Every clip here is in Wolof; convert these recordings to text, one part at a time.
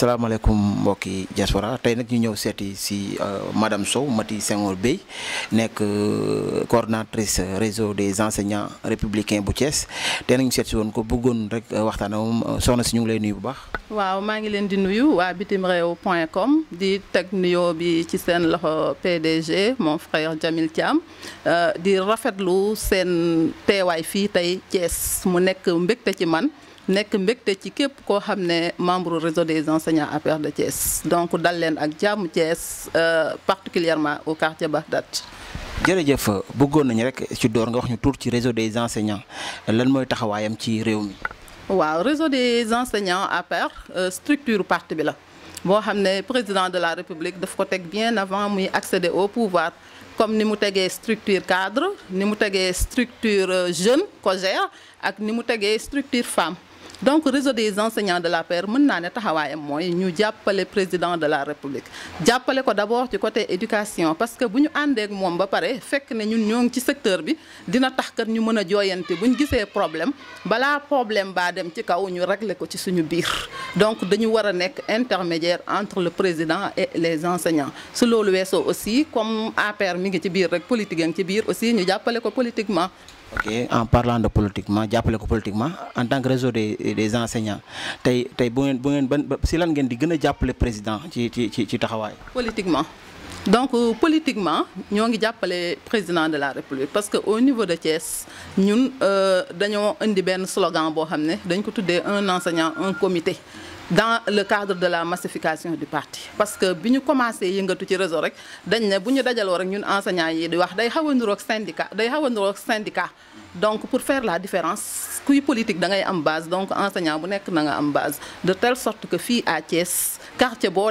alaikum mbokki diaspora Tay nag ñu ñëw seeti si euh, madame Sow Maty Senghor Bey nek euh, coordonnatrice réseau des enseignants républicains bu Thiès Tay nag ñu seet si woon ko bëggoon rek euh, waxtana moom soxna ci ñu ngi lay nuyu bu baax. waaw ma ngi leen di nuyu wa point com di tek nuyo bi ci sen loxo PDG mon frère Jamil Thiam di rafetlu sen téway fi tay Thiès mu nek mbekté ci man nek mbekté ci képp ko xamné membre réseau des enseignants enseignants à Père de Thiès donc dal leen ak Thiès euh, particulièrement au quartier Bagdad jërëjëf bëggoon nañu rek ci door nga wax réseau des enseignants lan mooy taxawaayam ci réew waaw réseau des enseignants APR euh, structure parti bi la boo président de la république de ko bien avant d'accéder au pouvoir comme nous avons une structure cadre ni mu structure euh, jeune cogère, ak ni mu tegee structure femme donc réseau des enseignants de la mën naa ne taxawaayam mooy ñu jàppale président de la république jàppale ko d'abord ci côté éducation parce que bu ñu àndeek moom ba pare fekk ne ñun ñoo ci secteur bi dina tax kat ñu mën a jooyante bu ñu gisee problème balaa problème baa dem ci kaw ñu régler ko ci suñu biir donc dañu war a intermédiaire entre le président et les enseignants su le réseau aussi comme APR mi ngi ci biir rek politique a ngi ci biir aussi ñu jàppale ko politiquement ok en parlant de politiquement jàppale politiquement en tant que réseau des enseignants tey tey bu ngeen si lan ngeen di président ci ci ci donc politiquement donc euh, politiquement ñoo ngi le président de la république parce qu'au niveau de Thiès ñun nous euh, indi un slogan boo xam dañ ko un enseignant un comité dans le cadre de la massification du parti parce que bi nous commencé à faire des rek nous avons enseignants yi di wax day syndicat donc pour faire la différence kuy politique da ngay am base donc enseignant bu nekk na base de telle sorte que fii à Thiès quartier boo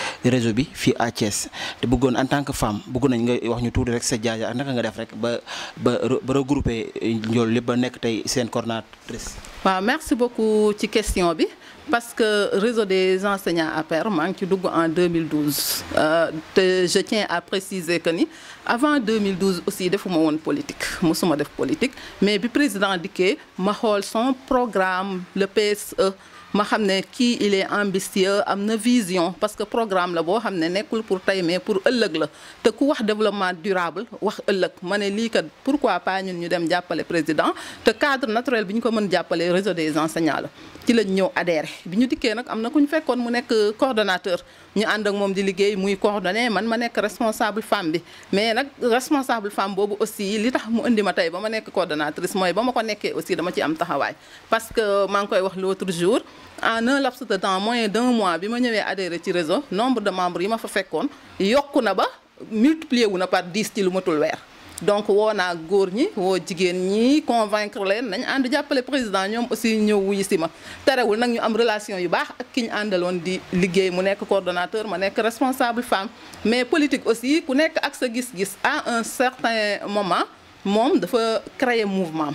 réseau bi fi à Thiès te bëggoon en tant que femme bëggoon nga wax ñu tout rek sa jaaja ak naka nga def rek ba ba ba regroupé njool lépp ba nek tay sen coordinatrice waaw merci beaucoup ci question bi parce que réseau des enseignants à Père ngi ci dugg en 2012 Euh, te je tiens à préciser que ni avant 2012 aussi defuma woon politique mosuma def politique mais bi président dikkee ma xool son programme le PSE ma xamné ki il est ambitieux amna vision parce que programme la bo xamné nekul pour tay mais pour ëllëg la te ku wax développement durable wax ëllëg mané li kat pourquoi pas ñun ñu dem jappalé président te cadre naturel biñ ko mën jappalé réseau des enseignants ci lañ ñëw adhéré bi ñu dikké nak amna kuñ fekkon mu nekk coordonnateur ñu and ak mom di liggéey muy coordonné man ma nekk responsable femme bi mais nak responsable femme bobu aussi li tax mu andi ma tay ba ma nekk coordonnatrice moy ba ma ko nekké aussi dama ci am taxaway parce que ma ngi koy wax l'autre jour en un laps de temps moins d'un mois bi ma ñëwé adhéré ci réseau nombre de membres yi ma fa fekkon yokku ba multiplier wu na par 10 ci lu matul wér donc on a gourni, on a jigéen les convaincre on a ànd président ñoom aussi ñëw wuyu si ma une ñu am relation yu baax ak ki ñu àndaloon di liggéey mu nekk coordinateur, ma responsable femme mais politique aussi ku nekk ak gis-gis à un certain moment moom dafa créer mouvement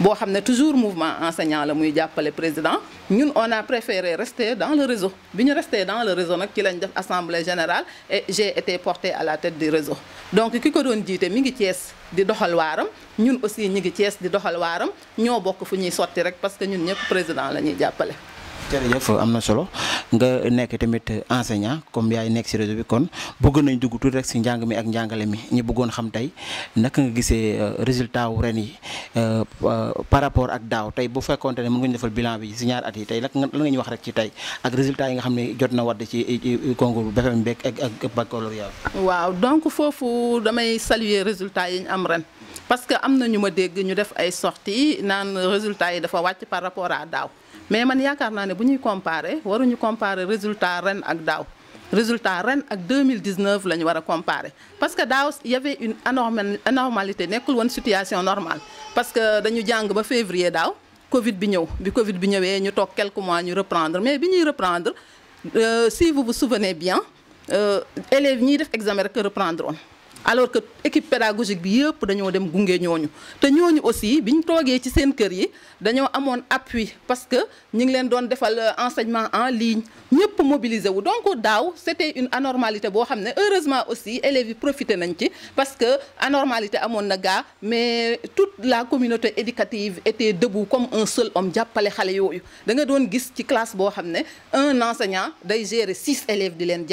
nous avons toujours mouvement enseignant le président Nous, on a préféré rester dans le réseau Nous rester dans le réseau nous ci générale et j'ai été porté à la tête du réseau donc ce ko nous dit, nous aussi ñi ngi ties di doxal Nous, bokk fu ñuy parce que nous, sommes président jërëjëf am na solo nga nekk tamit enseignant comme yaay nekk ci réseau bi kon bëgg nañ dugg tout rek ci njàng mi ak njàngale mi ñi bëggoon xam tey naka nga gisee euh, résultat wu ren yi euh, euh, par rapport ak daaw tey bu fekkoonte ne mën nga ñu defal bilan bi ci ñaar at yi tey lan nga ñu wax rek ci tey ak résultat yi nga xam ne jot na wadd ci concours BFEM beeg ak ak baccalauréat waaw donc foofu damay saluer résultat yi ñu am ren parce que am na ñu ma dégg ñu def ay sorties naan résultat yi dafa wàcc par rapport à daaw mais man yaakaar naa ne bu ñuy comparer waruñu comparer résultat ren ak daaw résultat ren ak 2019 la ñu war comparer parce que daaw y avait une anormalité nekkul woon situation normale parce que dañu jàng ba février daaw Covid bi ñëw bi Covid bi ñëwee ñu toog quelques mois ñu reprendre mais bi ñuy reprendre euh, si vous vous souvenez bien euh, élèves ñi def examen rek reprendre alors que l'équipe pédagogique bi yëpp dañoo dem gunge ñooñu te ñooñu aussi biñ togué ci seen kër yi dañoo amone appui parce que nous ngi leen doon defal euh, enseignement en ligne ñepp mobiliser wu donc daw c'était une anormalité heureusement aussi élèves yi profité nañ parce que anormalité à na ga mais toute la communauté éducative était debout comme un seul homme jappalé xalé yoyu da nga doon gis ci classe bo xamné un enseignant day gérer six élèves de leen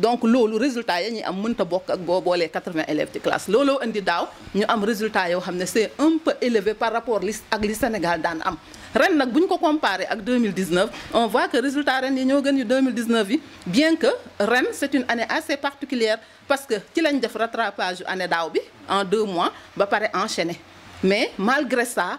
donc lolo résultat ya ñi am mënta bok ak boo 80 élèves de classe lolo andi daw ñu am résultat yo xamné c'est un peu élevé par rapport li ak li Sénégal daan am ren nak buñ ko comparer ak 2019 on voit que résultat ren yi ñoo gën yu 2019 yi bien que ren c'est une année assez particulière parce que ci lañ def rattrapage yu année daw bi en deux mois ba pare enchaîné mais malgré ça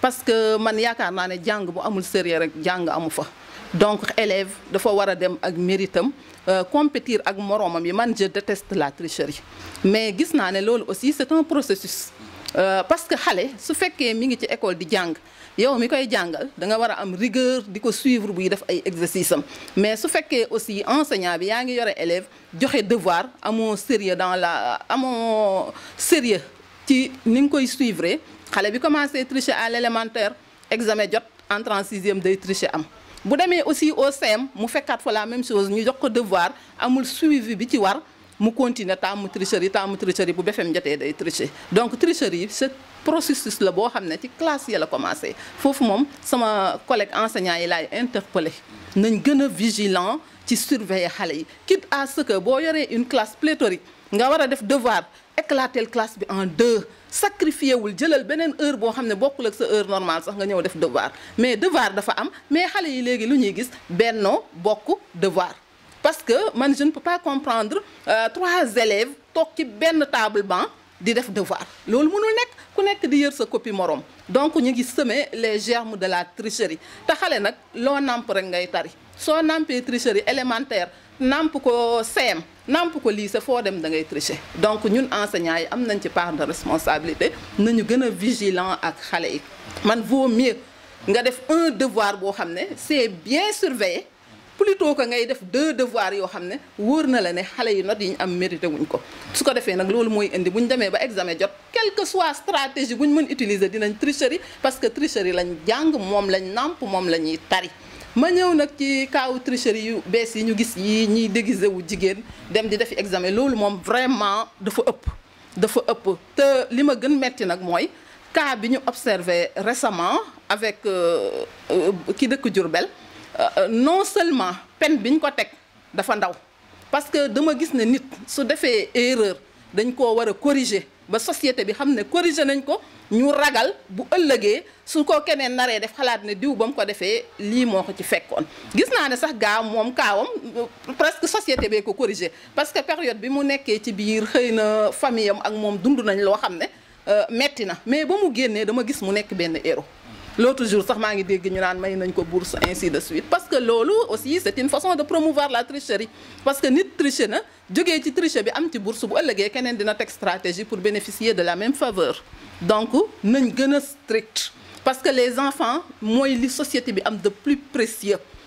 parce que man yaakaar naa ne jàng bu amul sérieux rek jàng amu fa donc élève dafa war a dem ak méritam euh, compétir ak moroomam yi man je déteste la tricherie mais gis naa ne loolu aussi c'est un processus euh, parce que xale su fekkee mi ngi ci école di jàng yow mi koy jàngal da nga war a am rigueur di ko suivre buy def ay exercice am mais su fekkee aussi enseignant bi yaa ngi yore élève joxe devoir amoo sérieux dans la amoo sérieux qui ni nga koy suivre xale commencé à tricher à l'élémentaire examen jot entrée en sixième de tricher am bu demee aussi au CM mu quatre fois la même chose ñu jox ko devoir amul suivi bi ci war mu à tricher, pour tricher, tricherie bu BFEM tricher donc tricherie c'est processus la bo xamné ci classe yi la commencé foofu moom sama collègue enseignant yi laay interpellé nañ gëna vigilant ci surveiller xalé yi kit à ce que bo yoré une classe pléthorique nga wara def devoir éclater classe bi en deux sacrifier wul jëlal benen heure bo xamné ne bokkul ak sa heure normale sax nga ñëw def devoir mais devoir dafa am mais xalé yi légui lu ñuy gis benno bokku devoir parce que man je ne peux pas comprendre euh, trois élèves toog ci table banc di def devoir loolu mënul nekk ku nekk di yër sa copie morom donc ñu ngi semer les germes de la tricherie te xale nag loo namp rek ngay tari soo nampee tricherie élémentaire namp ko sem, namp ko lycée foo dem da ngay tricher donc ñun enseignants yi am nañ ci part de responsabilité nañu gën a vigilant ak xale yi man vaut mieux nga def un devoir boo xam ne c'est bien surveillé plutôt que ngay def deux devoirs yo xamné ne na la né xalé yu not yi ñu am mérité wuñ ko su ko defee nag loolu moy indi buñ démé ba examen jot quelle que soit stratégie buñ ñu mën utiliser dinañ tricherie parce que tricherie lañ jang mom lañ namp mom la ñuy tari ma ñew nak ci kaaw tricherie yu bees yi ñu gis yi ñi déguisé wu jigen dem di def examen loolu mom vraiment dafa ëpp dafa ëpp te lima gën metti nak moy cas bi ñu observé récemment avec euh, euh, ki dëkk Diourbel euh, non seulement peine biñ ko tek dafa ndaw parce que dama gis ne nit su defee erreur dañ ko wara corriger ba société bi xam ne corriger nañ ko ñu ragal bu ëllëgé su ko keneen naree def xalaat ne diw bam ko defee li moko ci fekkoon gis na ne sax ga mom kawam euh, presque société bee ko corriger parce que période bi mu nekké ci biir xeyna famille am ak mom dund nañ loo xam euh, metti na mais ba mu génné dama gis mu nekk ben héros l'autre jour sax m'a dit que bourse ainsi de suite parce que aussi c'est une façon de promouvoir la tricherie parce que nous, tricher na avons ci bourse stratégie pour bénéficier de la même faveur donc nous sommes strict parce que les enfants moins li société de plus précieux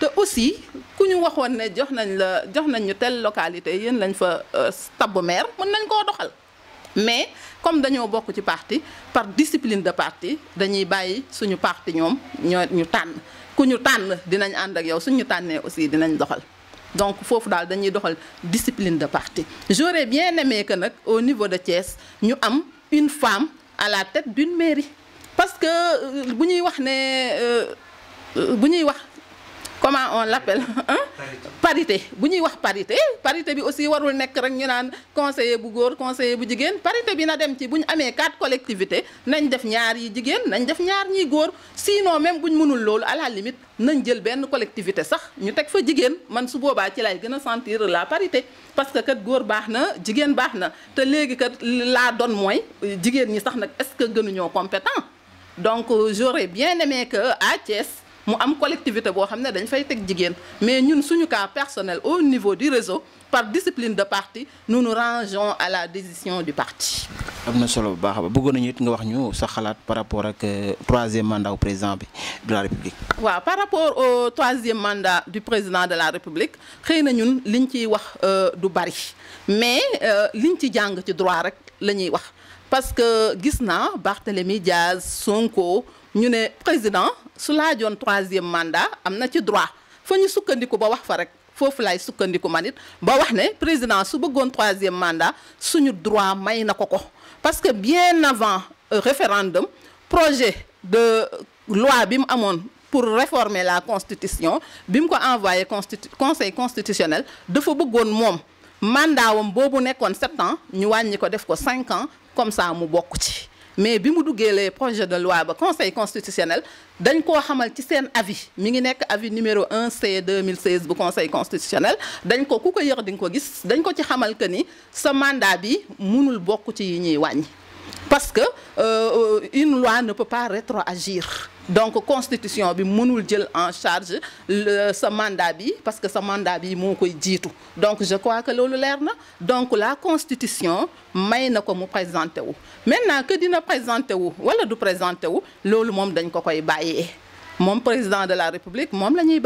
te aussi ku ñu waxoon ne jox nañ la jox nañ ñu telle localité yéen lañ fa euh, tabb maire mën nañ koo doxal mais comme dañoo bokk ci parti par discipline de parti dañuy bàyyi suñu parti ñoom ñoo ñu tànn ku ñu tànn dinañ ànd ak yow suñu tànnee aussi dinañ doxal donc foofu daal dañuy doxal discipline de parti j'aurais bien aimé que nag au niveau de Thiès ñu am une femme à la tête d'une mairie parce que euh, bu ñuy wax ne euh, bu ñuy wax comment on l'appelle hein? parité buñuy wax parité parité bi aussi warul nek rek ñu naan conseiller bu goor conseiller bu jigen parité bi na dem ci buñ amé amee quatre collectivités nañ def ñaar yi jigen nañ def ñaar ñi goor sinon même buñ mënul lool à la limite nañ jël ben collectivité sax ñu tek fa jigen man su boba ci lay gëna sentir la parité parce que kat goor baxna jigen baxna te légui kat la donne moy jigen ñi sax nak est-ce que ñoo compétent donc euh, j'aurais bien aimé que à Thiès mu am collectivité boo xam ne dañ fay teg jigéen mais ñun suñu cas personnel au niveau du réseau par discipline de parti nous nous rangeons à la décision du parti. am na solo bu baax ba bëggoon nañu it par rapport au troisième mandat du président de la république. par rapport au troisième mandat du président de la république nous na ñun liñ ciy wax euh, du bari mais euh, liñ ci jàng ci droit rek la wax parce que gis naa Barthélémy Diaz Sonko ñu le président la 3 troisième mandat am ci droit fa ñu sukkandiku ba wax fa rek foofu laay sukkandiku man ba wax ne président su 3 troisième mandat suñu droit may na ko ko parce que bien avant euh, référendum projet de loi bi mu pour réformer la constitution bi ko envoyé constitu conseil constitutionnel dafa bëggoon mom, mandat wam boobu kon 7 ans ñu wàññi def ko cinq ans comme ça mu bokk ci mais bi mu le projet de loi ba conseil constitutionnel dañ ko xamal ci sen avis mi ngi nek avis numéro 1 C 2016 bu conseil constitutionnel dañ ko ku ko yër ko gis dañ ko ci xamal que ni sa mandat bi mënul bokku ci yi ñi parce que euh, euh, une loi ne peut pas rétroagir donc constitution bi mënul jël en charge ce mandat bi parce que ce mandat bi moo koy jiitu donc je crois que loolu leer donc la constitution may na ko mu présenté maintenant que dina présenté wu wala du présenté wu loolu moom dañ ko koy bàyyee moom président de la république mon la ñuy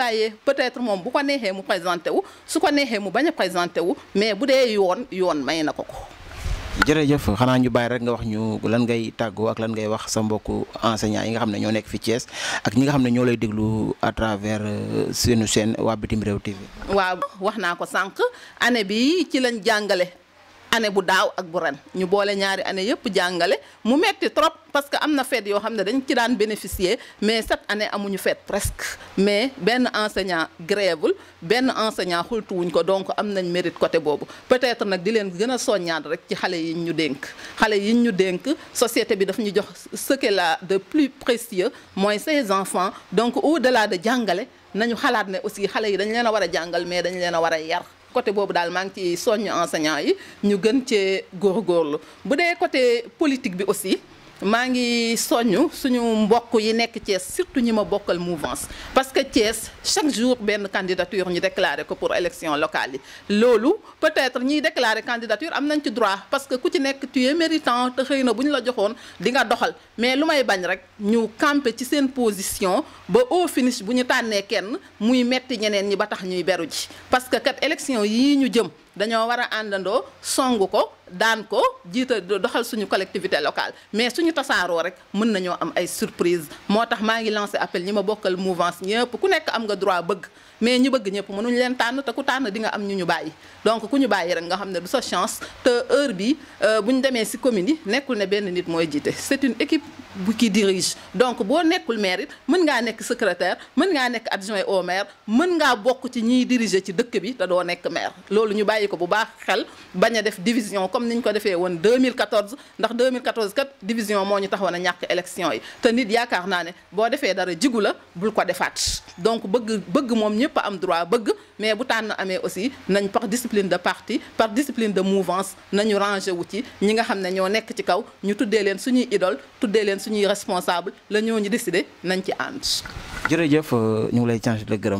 peut-être mon bu ko neexee mu présenté ou su ko est mu bañ a présenté mais Boudé dee yon yoon ko jërëjëf xanaa ñu bàyyi rek nga wax ñu lan ngay tàggoo ak lan ngay wax sa mbokku enseignants yi nga xam ne ñoo nekk fi cees ak ñi nga xam ne ñoo lay déglu à travers euh, seenu chaîne waa bitim réew TV. waaw wax naa ko sànq année bi ci lañ jàngale année bu daw ak bu ren ñu boole ñaari année yépp jàngale mu metti trop parce que am na fête yoo xam ne dañ ci daan bénéficier mais cette année amuñu fête presque mais benn enseignant grèvul benn enseignant xultuwuñ ko donc am nañ mérite côté boobu peut-être nag di leen gën a soññaat rek ci xale yi ñu dénk xale yi ñu dénk société bi daf ñu jox ce que la de plus précieux mooy ses enfants donc au-delà de jàngale nañu xalaat ne aussi xale yi dañ leen a war a jàngal mais dañ leen a war a yar côté bobu dal maa ngi ci soññ enseignant yi ñu gën gor góorgóorlu bu dé côté politique bi aussi Mangi soñu suñu mbokk yi nekk Thiès surtout ñima bokal mouvance parce que Thiès chaque jour ben candidature ñu déclaré ko pour élection locale lolu peut-être ñi déclaré candidature am nañ ci droit parce que ku ci nek tu es méritant te xeyna buñ la joxone di nga doxal mais lumay bañ rek ñu camper ci sen position ba au finish buñu ñu kenn muy metti ñeneen ñi ba tax ñuy beru ji parce que kat élection yi ñu jëm dañoo war a àndandoo songu ko daan ko jiita doxal suñu collectivité locale mais suñu tasaaroo rek mën nañoo am ay surprise moo tax maa ngi lancé appel ñi ma bokkal mouvance ñëpp ku nekk am nga droit bëgg mais ñu bëgg ñëpp mënuñ leen tànn te ku tànn di nga am ñu ñu bàyyi donc ku ñu bàyyi rek nga xam ne du sa chance te heure bi euh, bu ñu demee si commune yi nekkul ne benn nit mooy jiite c'est une équipe bu ki dirige donc boo nekkul maire it mën ngaa nekk secrétaire mën ngaa nekk adjoint au maire mën ngaa bokk ci ñiy diriger ci dëkk bi te doo nekk maire loolu ñu bàyyi bàyyi ko bu baax xel baña def division comme niñ ko defee won 2014 ndax 2014 kat division moñu ñu taxoon a élection yi té nit yaakar naané bo défé dara jigula bul ko défat donc bëgg bëgg mom ñëpp a am droit bëgg mais bu tan amé aussi nañ par discipline de parti par discipline de mouvance nañu rangé wu ci ñi nga xamné ño nekk ci kaw ñu tuddé leen suñuy idole tuddé leen suñuy responsable la ñoo ñu décider nañ ci ant jërëjëf euh, ñu lay change de gërëm